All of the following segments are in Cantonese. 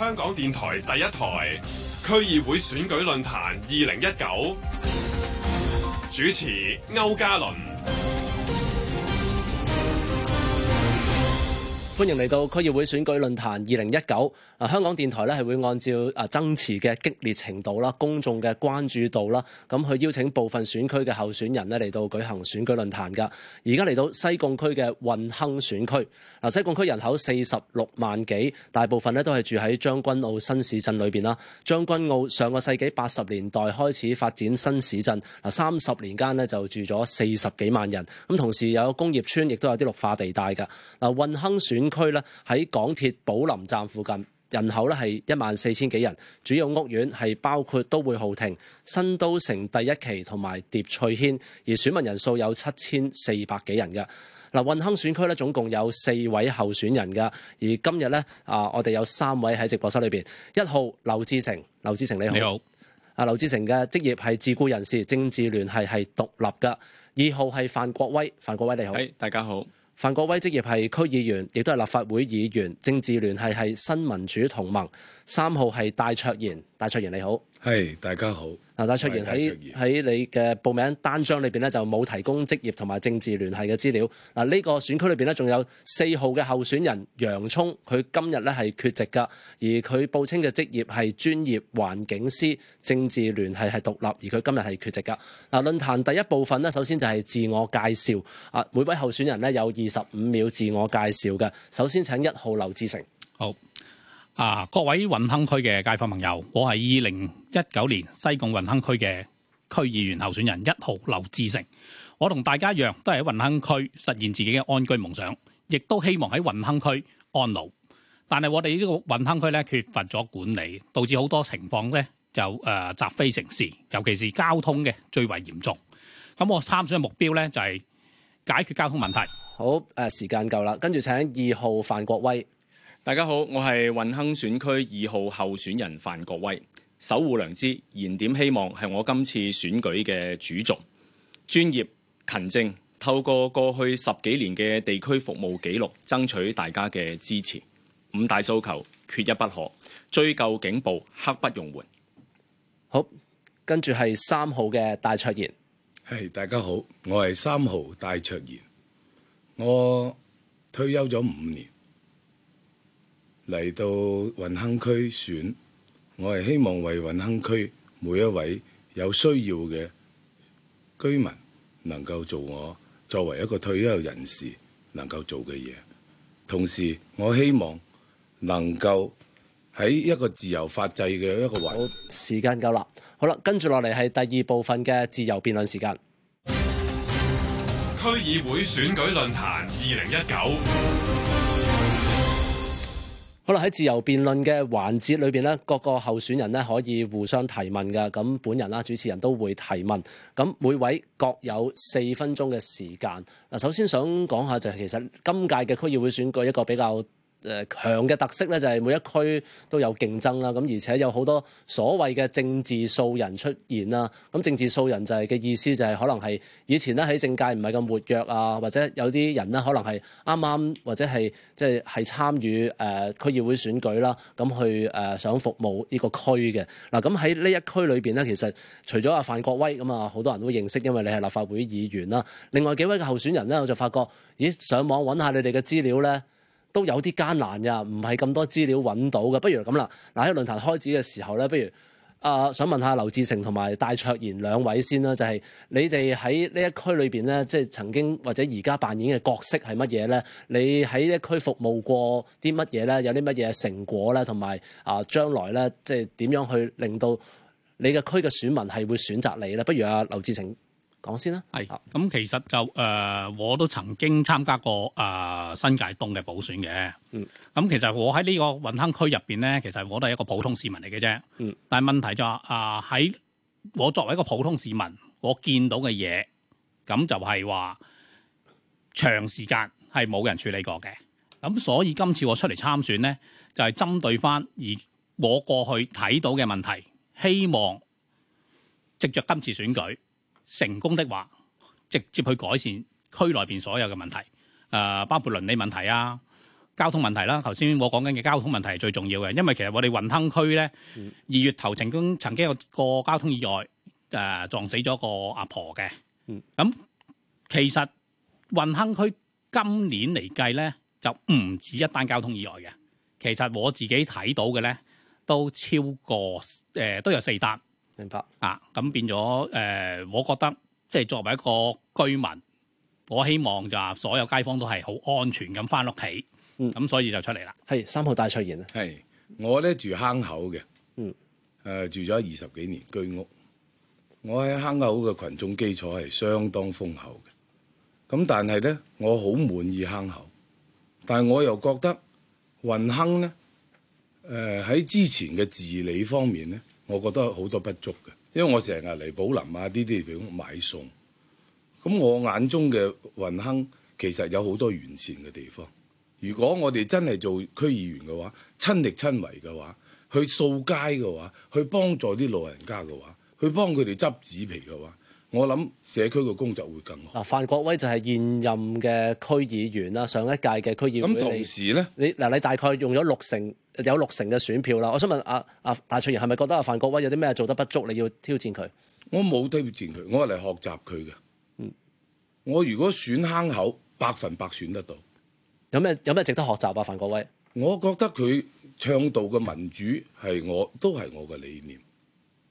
香港電台第一台區議會選舉論壇二零一九，主持歐嘉麟。歡迎嚟到區議會選舉論壇二零一九。啊，香港電台咧係會按照啊爭持嘅激烈程度啦、公眾嘅關注度啦，咁去邀請部分選區嘅候選人咧嚟到舉行選舉論壇㗎。而家嚟到西貢區嘅運亨選區。嗱，西貢區人口四十六萬幾，大部分咧都係住喺將軍澳新市鎮裏邊啦。將軍澳上個世紀八十年代開始發展新市鎮，嗱，三十年間呢就住咗四十幾萬人。咁同時有工業村，亦都有啲綠化地帶㗎。嗱，運亨選區咧喺港鐵寶林站附近，人口咧係一萬四千幾人，主要屋苑係包括都會豪庭、新都城第一期同埋疊翠軒，而選民人數有七千四百幾人嘅。嗱，運亨選區咧總共有四位候選人噶，而今日咧，啊，我哋有三位喺直播室裏邊。一號劉志成，劉志成你好，你好。啊，劉志成嘅職業係自雇人士，政治聯繫係獨立噶。二號係范國威，范國威你好，hey, 大家好。范國威職業係區議員，亦都係立法會議員，政治聯繫係新民主同盟。三號係戴卓賢，戴卓賢你好。係，hey, 大家好。嗱，大家出現喺喺你嘅報名單張裏邊咧，就冇提供職業同埋政治聯繫嘅資料。嗱，呢個選區裏邊咧，仲有四號嘅候選人楊聰，佢今日咧係缺席嘅，而佢報稱嘅職業係專業環境師，政治聯繫係獨立，而佢今日係缺席嘅。嗱，論壇第一部分呢，首先就係自我介紹。啊，每位候選人呢，有二十五秒自我介紹嘅。首先請一號劉志成。好。啊！各位運亨區嘅街坊朋友，我係二零一九年西貢運亨區嘅區議員候選人一號劉志成。我同大家一樣，都係喺運亨區實現自己嘅安居夢想，亦都希望喺運亨區安老。但係我哋呢個運亨區咧缺乏咗管理，導致好多情況咧就誒雜、呃、非城市，尤其是交通嘅最為嚴重。咁我參選嘅目標咧就係解決交通問題。好誒，時間夠啦，跟住請二號范國威。大家好，我係運亨選區二號候選人范國威，守護良知，燃點希望，係我今次選舉嘅主軸。專業勤政，透過過去十幾年嘅地區服務記錄，爭取大家嘅支持。五大訴求缺一不可，追究警暴，刻不容緩。好，跟住係三號嘅戴卓賢。係、hey, 大家好，我係三號戴卓賢。我退休咗五年。嚟到運亨區選，我係希望為運亨區每一位有需要嘅居民能夠做我作為一個退休人士能夠做嘅嘢。同時，我希望能夠喺一個自由法制嘅一個環好。好，時間夠啦，好啦，跟住落嚟係第二部分嘅自由辯論時間。區議會選舉論壇二零一九。好啦，喺自由辯論嘅環節裏邊咧，各個候選人咧可以互相提問嘅，咁本人啦，主持人都會提問，咁每位各有四分鐘嘅時間。嗱，首先想講下就係其實今屆嘅區議會選舉一個比較。誒強嘅特色咧，就係每一區都有競爭啦。咁而且有好多所謂嘅政治素人出現啦。咁政治素人就係嘅意思就係可能係以前咧喺政界唔係咁活躍啊，或者有啲人咧可能係啱啱或者係即係係參與誒區議會選舉啦。咁去誒想服務呢個區嘅。嗱，咁喺呢一區裏邊咧，其實除咗阿范國威咁啊，好多人都認識，因為你係立法會議員啦。另外幾位嘅候選人咧，我就發覺咦，上網揾下你哋嘅資料咧，都有啲艱難㗎，唔係咁多資料揾到嘅。不如咁啦，嗱喺論壇開始嘅時候咧，不如啊、呃、想問下劉志成同埋戴卓賢兩位先啦，就係、是、你哋喺呢一區裏邊咧，即、就、係、是、曾經或者而家扮演嘅角色係乜嘢咧？你喺呢一區服務過啲乜嘢咧？有啲乜嘢成果咧？同埋啊，將來咧，即係點樣去令到你嘅區嘅選民係會選擇你咧？不如啊，劉志成。講先啦，係咁其實就誒、呃，我都曾經參加過誒、呃、新界東嘅補選嘅。嗯，咁其實我喺呢個運亨區入邊咧，其實我都係一個普通市民嚟嘅啫。嗯，但係問題就係誒喺我作為一個普通市民，我見到嘅嘢，咁就係話長時間係冇人處理過嘅。咁所以今次我出嚟參選咧，就係、是、針對翻而我過去睇到嘅問題，希望藉着今次選舉，成功的話，直接去改善區內邊所有嘅問題，誒、呃，包括倫理問題啊、交通問題啦、啊。頭先我講緊嘅交通問題係最重要嘅，因為其實我哋運亨區咧，二、嗯、月頭曾經曾經有個交通意外，誒、呃，撞死咗個阿婆嘅。咁、嗯、其實運亨區今年嚟計咧，就唔止一單交通意外嘅，其實我自己睇到嘅咧，都超過誒、呃，都有四單。明白啊！咁變咗誒、呃，我覺得即係作為一個居民，我希望就所有街坊都係好安全咁翻屋企，嗯，咁所以就出嚟啦。係三號帶出現啊？係我咧住坑口嘅。嗯。誒，住咗二十幾年居屋，我喺坑口嘅群眾基礎係相當豐厚嘅。咁但係咧，我好滿意坑口，但係我又覺得運亨咧，誒、呃、喺之前嘅治理方面咧。我覺得好多不足嘅，因為我成日嚟寶林啊呢啲地方買餸，咁我眼中嘅運亨其實有好多完善嘅地方。如果我哋真係做區議員嘅話，親力親為嘅話，去掃街嘅話，去幫助啲老人家嘅話，去幫佢哋執紙皮嘅話，我諗社區嘅工作會更好。嗱，范國威就係現任嘅區議員啦，上一屆嘅區議員。咁同時咧，你嗱，你大概用咗六成有六成嘅選票啦。我想問阿阿、啊啊、大翠怡，係咪覺得阿范國威有啲咩做得不足？你要挑戰佢？我冇挑戰佢，我係嚟學習佢嘅。嗯，我如果選坑口，百分百選得到。有咩有咩值得學習啊？范國威，我覺得佢倡導嘅民主係我都係我嘅理念。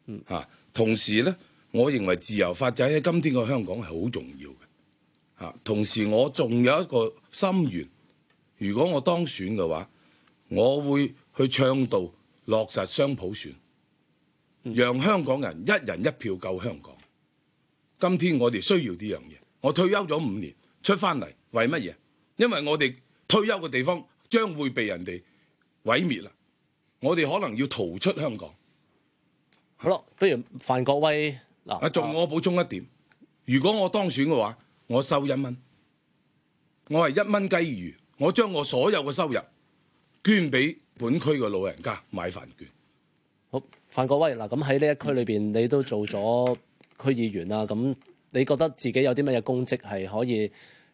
嗯，吓，同時咧。我認為自由發展喺今天嘅香港係好重要嘅，同時我仲有一個心願：如果我當選嘅話，我會去倡導落實雙普選，讓香港人一人一票救香港。今天我哋需要呢樣嘢。我退休咗五年，出翻嚟為乜嘢？因為我哋退休嘅地方將會被人哋毀滅啦，我哋可能要逃出香港。好啦，不如范國威。啊，仲我補充一點，如果我當選嘅話，我收一蚊，我係一蚊雞餘，我將我所有嘅收入捐俾本區嘅老人家買飯券。好，范國威，嗱，咁喺呢一區裏邊，你都做咗區議員啦，咁你覺得自己有啲乜嘢功績係可以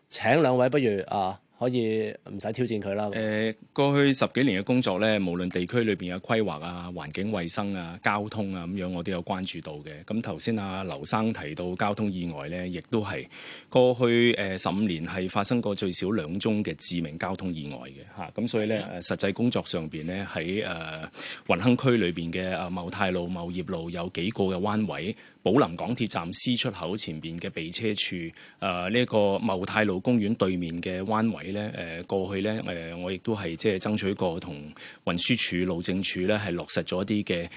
請兩位不如啊？可以唔使挑戰佢啦。誒，過去十幾年嘅工作咧，無論地區裏邊嘅規劃啊、環境衛生啊、交通啊咁樣，我都有關注到嘅。咁頭先阿劉生提到交通意外咧，亦都係過去誒十五年係發生過最少兩宗嘅致命交通意外嘅嚇。咁、啊、所以咧，實際工作上邊咧喺誒運亨區裏邊嘅啊貿泰路、貿業路有幾個嘅彎位。寶林港鐵站 C 出口前邊嘅備車處，誒、呃、呢、呢個茂泰路公園對面嘅灣位咧，誒、呃、過去咧，誒、呃、我亦都係即係爭取過同運輸署、路政署咧係落實咗一啲嘅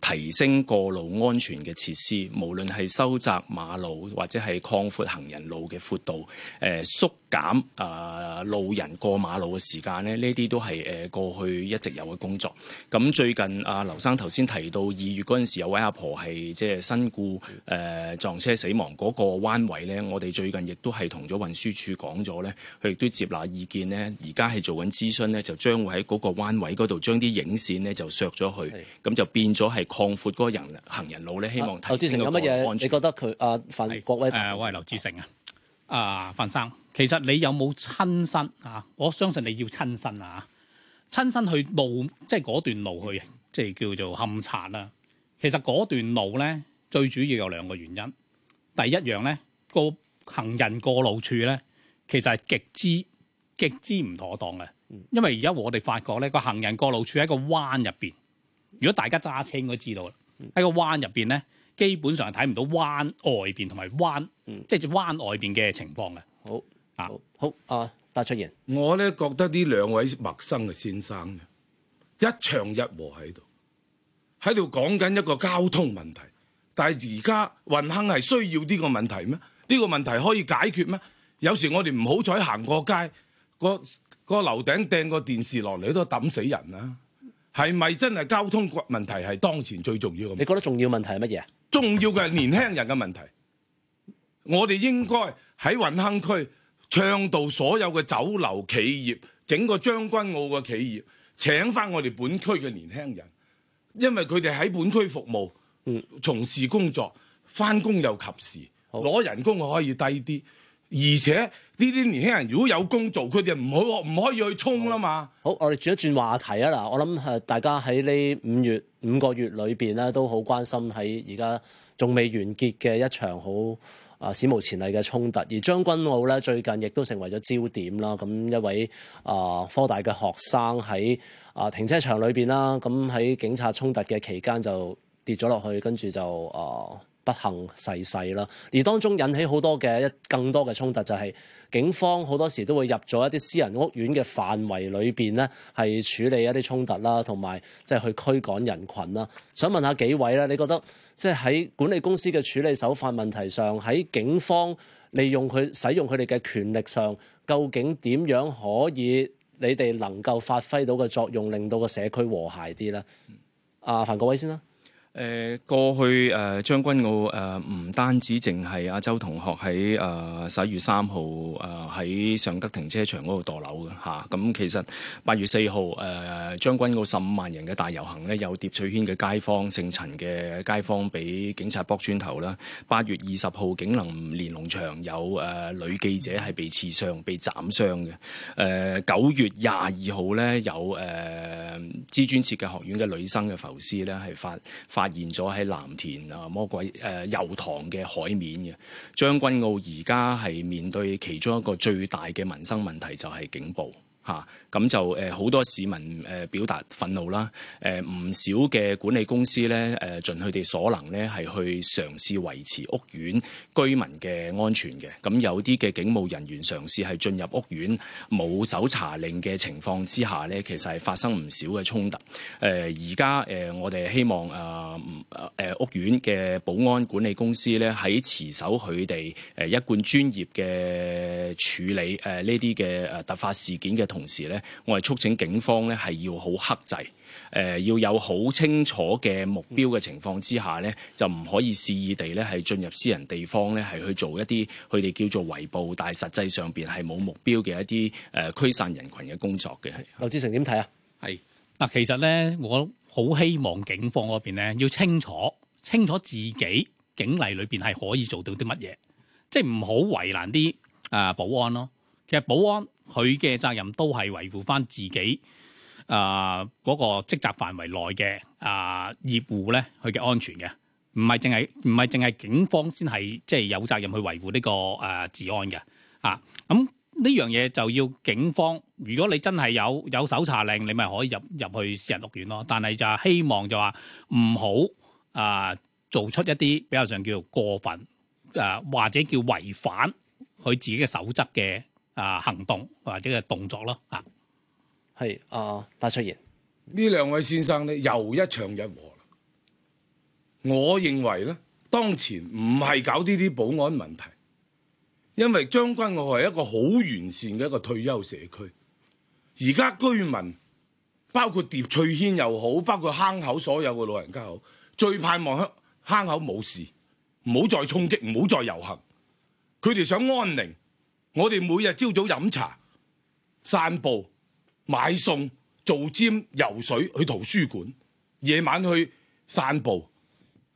誒提升過路安全嘅設施，無論係收窄馬路或者係擴闊行人路嘅闊度，誒、呃、縮。減啊！減路人過馬路嘅時間咧，呢啲都係誒過去一直有嘅工作。咁最近啊，劉生頭先提到二月嗰陣時有位阿婆係即係身故誒撞車死亡嗰個彎位咧，我哋最近亦都係同咗運輸署講咗咧，佢亦都接納意見咧，而家係做緊諮詢咧，就將會喺嗰個彎位嗰度將啲影線咧就削咗去，咁是就變咗係擴闊嗰個人行人路咧。希望睇、啊、劉志成有乜嘢？你覺得佢啊？范國威誒、啊，我係劉志成啊。哦啊，范生，其實你有冇親身啊？我相信你要親身啊，親身去路，即係嗰段路去，嗯、即係叫做勘察啦。其實嗰段路咧，最主要有兩個原因。第一樣咧，個行人過路處咧，其實係極之極之唔妥當嘅。因為而家我哋發覺咧，個行人過路處喺個彎入邊。如果大家揸車，應該知道啦。喺個彎入邊咧。基本上係睇唔到灣外邊同埋灣，嗯、即係灣外邊嘅情況嘅。好，好好啊，戴卓好、啊、言，我咧覺得呢兩位陌生嘅先生，一唱一和喺度，喺度講緊一個交通問題。但係而家運亨係需要呢個問題咩？呢、呢個問題可以解決咩？有時我哋唔好彩行過街，個、嗰個樓頂掟個電視落嚟都抌死人啦！係咪真係交通問題係當前最重要？你覺得重要問題係乜嘢？重要嘅係年輕人嘅問題。 我哋應該喺運亨區倡導所有嘅酒樓企業，整個將軍澳嘅企業，請翻我哋本區嘅年輕人，因為佢哋喺本區服務，嗯，從事工作，翻工又及時，攞 人工可以低啲。而且呢啲年輕人如果有工做，佢哋唔可唔可以去衝啦嘛？好，我哋轉一轉話題啊嗱，我諗係大家喺呢五月五個月裏邊咧，都好關心喺而家仲未完結嘅一場好啊史無前例嘅衝突，而將軍澳咧最近亦都成為咗焦點啦。咁一位啊科大嘅學生喺啊停車場裏邊啦，咁喺警察衝突嘅期間就跌咗落去，跟住就啊～不幸逝世啦，而當中引起好多嘅一更多嘅衝突，就係、是、警方好多時都會入咗一啲私人屋苑嘅範圍裏邊咧，係處理一啲衝突啦，同埋即係去驅趕人群啦。想問下幾位咧？你覺得即係喺管理公司嘅處理手法問題上，喺警方利用佢使用佢哋嘅權力上，究竟點樣可以你哋能夠發揮到嘅作用，令到個社區和諧啲咧？阿、啊、范國威先啦。誒過去誒將軍澳誒唔、呃、單止淨係阿周同學喺誒十一月三號誒喺尚德停車場嗰度墮樓嘅嚇，咁、啊、其實八月四號誒將軍澳十五萬人嘅大遊行咧，有疊翠軒嘅街坊姓陳嘅街坊俾警察搏磚頭啦。八月二十號，景林連儂牆有誒、呃、女記者係被刺傷、被斬傷嘅。誒、呃、九月廿二號咧，有誒、呃、知專設計學院嘅女生嘅浮屍咧係發,發發現咗喺藍田啊，魔鬼誒、呃、油塘嘅海面嘅。將軍澳而家係面對其中一個最大嘅民生問題就係警報。咁就誒好多市民誒表達憤怒啦，誒唔少嘅管理公司咧誒盡佢哋所能咧係去嘗試維持屋苑居民嘅安全嘅，咁有啲嘅警務人員嘗試係進入屋苑冇搜查令嘅情況之下咧，其實係發生唔少嘅衝突。誒而家誒我哋希望誒誒屋苑嘅保安管理公司咧喺持守佢哋誒一貫專業嘅處理誒呢啲嘅誒突發事件嘅同。同時咧，我係促請警方咧係要好克制，誒、呃、要有好清楚嘅目標嘅情況之下咧，嗯、就唔可以肆意地咧係進入私人地方咧係去做一啲佢哋叫做圍捕，但係實際上邊係冇目標嘅一啲誒驅散人群嘅工作嘅。劉志成點睇啊？係嗱，是其實咧，我好希望警方嗰邊咧要清楚清楚自己警例裏邊係可以做到啲乜嘢，即係唔好為難啲誒保安咯。其實保安。佢嘅責任都係維護返自己啊嗰、呃那個職責範圍內嘅啊、呃、業戶咧，佢嘅安全嘅，唔係淨係唔係淨係警方先係即係有責任去維護呢、這個誒、呃、治安嘅啊。咁呢樣嘢就要警方，如果你真係有有搜查令，你咪可以入入去私人屋苑咯。但係就希望就話唔好啊做出一啲比較上叫做過分誒、呃，或者叫違反佢自己嘅守則嘅。啊！行動或者嘅動作咯，啊，係啊，白、呃、卓言呢兩位先生咧，又一唱一和啦。我認為咧，當前唔係搞呢啲保安問題，因為將軍澳係一個好完善嘅一個退休社區。而家居民包括疊翠軒又好，包括坑口所有嘅老人家好，最盼望喺坑口冇事，唔好再衝擊，唔好再遊行，佢哋想安寧。我哋每日朝早飲茶、散步、買餸、做尖、游水，去圖書館；夜晚去散步。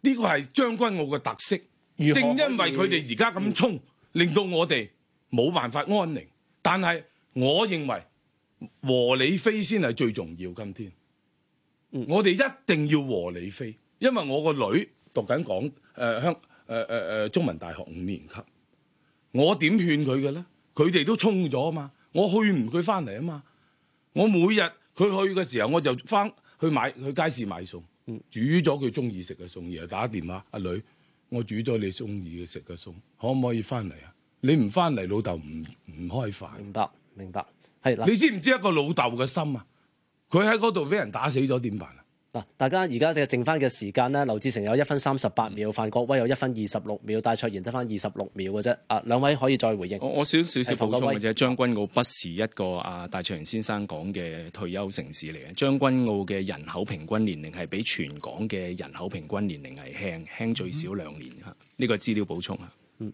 呢、這個係將軍澳嘅特色。正因為佢哋而家咁衝，令到我哋冇辦法安寧。但係我認為和理非先係最重要。今天，我哋一定要和理非，因為我個女讀緊港誒香誒誒誒中文大學五年級。我點勸佢嘅咧？佢哋都衝咗啊嘛！我去唔佢翻嚟啊嘛！我每日佢去嘅時候，我就翻去買去街市買餸，煮咗佢鍾意食嘅餸，然後打電話，阿女：我煮咗你鍾意嘅食嘅餸，可唔可以翻嚟啊？你唔翻嚟，老豆唔唔開飯。明白，明白。係，你知唔知一個老豆嘅心啊？佢喺嗰度俾人打死咗，點辦啊？嗱，大家而家嘅剩翻嘅時間咧，劉志成有一分三十八秒，嗯、范國威有一分二十六秒，戴卓賢得翻二十六秒嘅啫。啊，兩位可以再回應。我少少少補充嘅啫，將軍澳不是一個啊戴卓賢先生講嘅退休城市嚟嘅。將軍澳嘅人口平均年齡係比全港嘅人口平均年齡係輕輕最少兩年嘅。呢個、嗯、資料補充啊。嗯，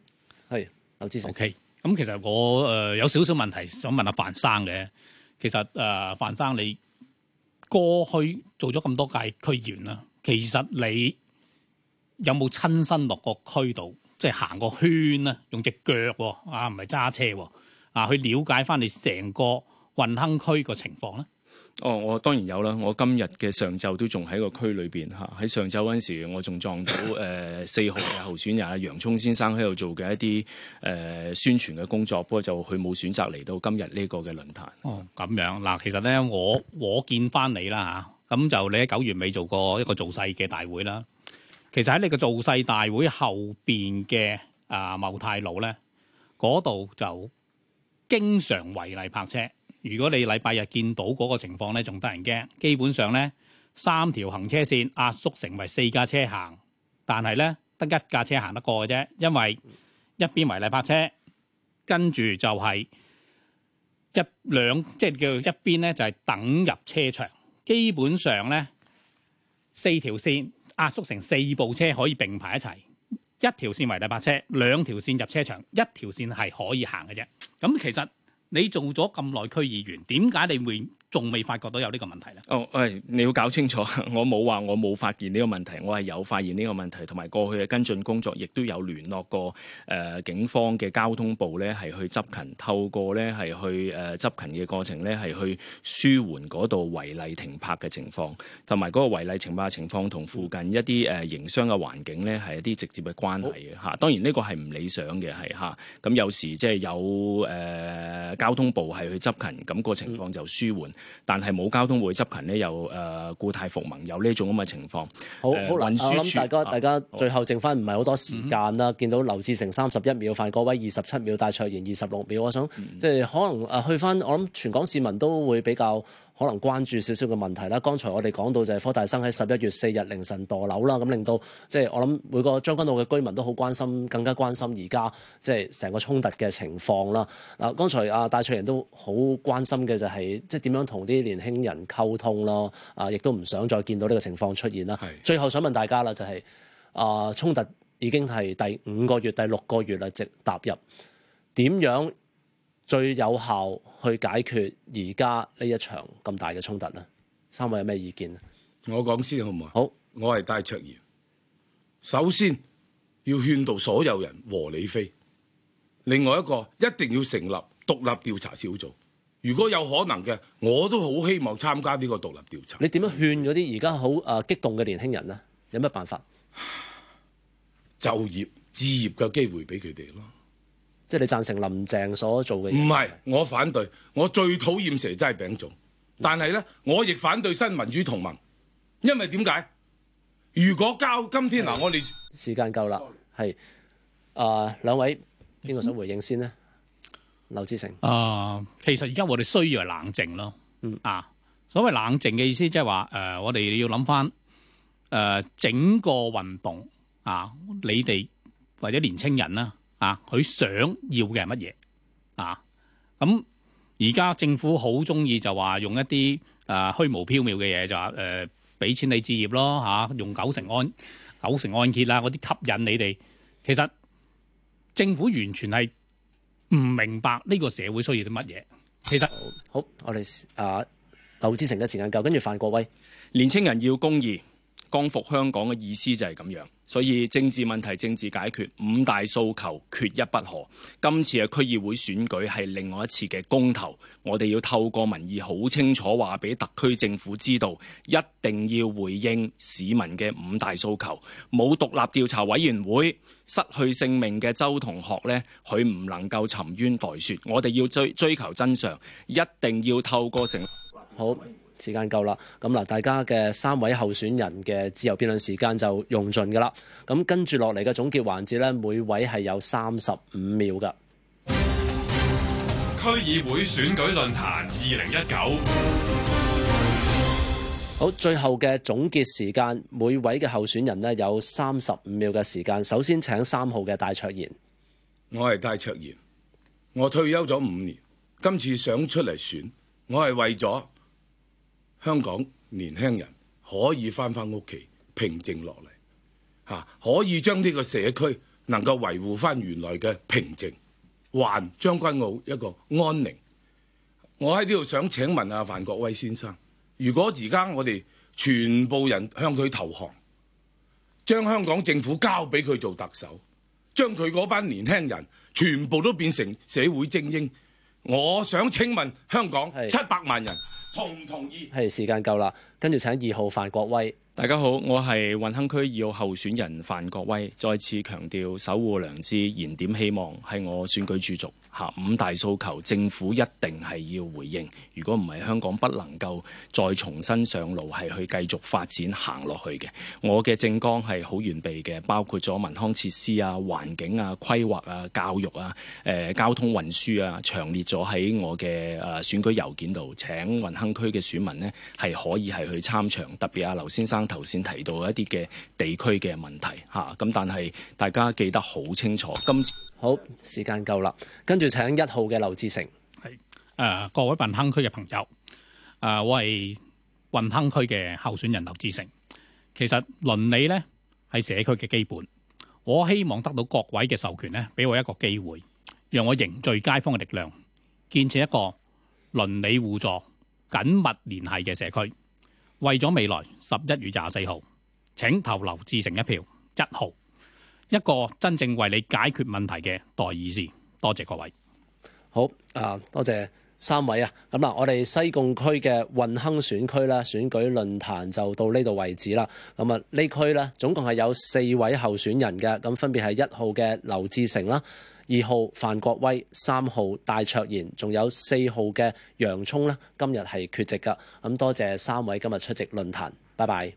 係劉志成。OK，咁其實我誒有少，少少問題想問阿范生嘅。其實誒范、呃、生你。過去做咗咁多屆區員啦，其實你有冇親身落個區度，即係行個圈咧，用隻腳喎，啊，唔係揸車喎，啊，去了解翻你成個運亨區個情況咧？哦，我當然有啦。我今日嘅上晝都仲喺個區裏邊嚇。喺上晝嗰陣時，我仲撞到誒、呃、 四號嘅候選人啊，楊聰先生喺度做嘅一啲誒、呃、宣傳嘅工作。不過就佢冇選擇嚟到今日呢個嘅論壇。哦，咁樣嗱，其實咧，我我見翻你啦嚇。咁、啊、就你喺九月尾做過一個造勢嘅大會啦。其實喺你個造勢大會後邊嘅啊茂泰路咧，嗰度就經常違例泊車。如果你禮拜日見到嗰個情況咧，仲得人驚。基本上咧，三條行車線壓縮成為四架車行，但係咧得一架車行得過嘅啫。因為一邊為嚟泊車，跟住就係一兩即係叫一邊咧就係等入車場。基本上咧，四條線壓縮成四部車可以並排一齊。一條線為嚟泊車，兩條線入車場，一條線係可以行嘅啫。咁其實。你做咗咁耐區議員，點解你會仲未發覺到有呢個問題咧？哦，誒，你要搞清楚，我冇話我冇發現呢個問題，我係有發現呢個問題，同埋過去嘅跟進工作亦都有聯絡過誒、呃、警方嘅交通部咧，係去執勤，透過咧係去誒、呃、執勤嘅過程咧，係去舒緩嗰度違例停泊嘅情況，同埋嗰個違例停泊嘅情況同附近一啲誒、呃、營商嘅環境咧係一啲直接嘅關係嘅嚇。好當然呢個係唔理想嘅係嚇，咁、啊、有時即係有誒、呃、交通部係去執勤，咁個情況就舒緩。嗯但係冇交通會執勤呢又誒固態服盟，有呢種咁嘅情況。好，我諗大家大家最後剩翻唔係好多時間啦。嗯、哼見到劉志成三十一秒，范國威二十七秒，戴卓賢二十六秒。我想即係、嗯、哼可能誒去翻，我諗全港市民都會比較。可能關注少少嘅問題啦。剛才我哋講到就係科大生喺十一月四日凌晨墮樓啦，咁令到即係、就是、我諗每個將軍澳嘅居民都好關心，更加關心而家即係成個衝突嘅情況啦。嗱，剛才阿戴翠瑩都好關心嘅就係即係點樣同啲年輕人溝通咯。啊，亦都唔想再見到呢個情況出現啦。是最後想問大家啦，就係、是、啊，衝突已經係第五個月、第六個月啦，直踏入點樣？最有效去解決而家呢一場咁大嘅衝突咧，三位有咩意見啊？我講先好唔好？好，我係戴卓賢。首先要勸導所有人和理非，另外一個一定要成立獨立調查小組。如果有可能嘅，我都好希望參加呢個獨立調查。你點樣勸嗰啲而家好誒激動嘅年輕人咧？有乜辦法？就業、置業嘅機會俾佢哋咯。即係你贊成林鄭所做嘅嘢？唔係，我反對。我最討厭蛇齋餅糭。但係咧，我亦反對新民主同盟，因為點解？如果交今天嗱是、啊，我哋時間夠啦，係啊、呃，兩位邊個想回應先呢？劉志成。啊、呃，其實而家我哋需要係冷靜咯。啊，所謂冷靜嘅意思，即係話誒，我哋要諗翻誒整個運動啊，你哋或者年青人啦。啊！佢想要嘅係乜嘢？啊！咁而家政府好中意就話用一啲誒、呃、虛無縹緲嘅嘢，就話誒俾錢你置業咯嚇、啊，用九成按九成按揭啦嗰啲吸引你哋。其實政府完全係唔明白呢個社會需要啲乜嘢。其實好，我哋啊劉志成嘅時間夠，跟住范國威，年輕人要公義，光復香港嘅意思就係咁樣。所以政治問題政治解決，五大訴求缺一不可。今次嘅區議會選舉係另外一次嘅公投，我哋要透過民意，好清楚話俾特區政府知道，一定要回應市民嘅五大訴求。冇獨立調查委員會，失去性命嘅周同學咧，佢唔能夠沉冤待雪。我哋要追追求真相，一定要透過成好。時間夠啦，咁嗱，大家嘅三位候選人嘅自由辯論時間就用盡㗎啦。咁跟住落嚟嘅總結環節呢，每位係有三十五秒㗎。區議會選舉論壇二零一九，好最後嘅總結時間，每位嘅候選人呢有三十五秒嘅時間。首先請三號嘅戴卓賢。我係戴卓賢，我退休咗五年，今次想出嚟選，我係為咗。香港年輕人可以返返屋企，平靜落嚟吓，可以將呢個社區能夠維護返原來嘅平靜，還將軍澳一個安寧。我喺呢度想請問阿范國威先生，如果而家我哋全部人向佢投降，將香港政府交俾佢做特首，將佢嗰班年輕人全部都變成社會精英，我想請問香港七百萬人。同唔同意？係時間夠啦，跟住請二號范國威。大家好，我係運亨區二號候選人范國威。再次強調守護良知，燃點希望係我選舉主軸，吓，五大訴求，政府一定係要回應。如果唔係，香港不能夠再重新上路，係去繼續發展行落去嘅。我嘅政綱係好完備嘅，包括咗民康設施啊、環境啊、規劃啊、教育啊、誒、呃、交通運輸啊，詳列咗喺我嘅誒選舉郵件度，請運。坑區嘅選民呢，係可以係去參詳，特別阿劉先生頭先提到一啲嘅地區嘅問題吓。咁但係大家記得好清楚咁。好，時間夠啦，跟住請一號嘅劉志成係誒、呃，各位運亨區嘅朋友誒、呃，我係運亨區嘅候選人劉志成。其實鄰里呢，係社區嘅基本，我希望得到各位嘅授權呢，俾我一個機會，讓我凝聚街坊嘅力量，建設一個鄰里互助，緊密聯繫嘅社區，為咗未來十一月廿四號，請投劉志成一票，一號，一個真正為你解決問題嘅代議士。多謝各位。好，啊，多謝三位啊。咁啊，我哋西貢區嘅運亨選區啦，選舉論壇就到呢度為止啦。咁啊，區呢區啦，總共係有四位候選人嘅，咁分別係一號嘅劉志成啦。二號范國威，三號戴卓賢，仲有四號嘅楊聰咧，今日係缺席噶。咁多謝三位今日出席論壇，拜拜。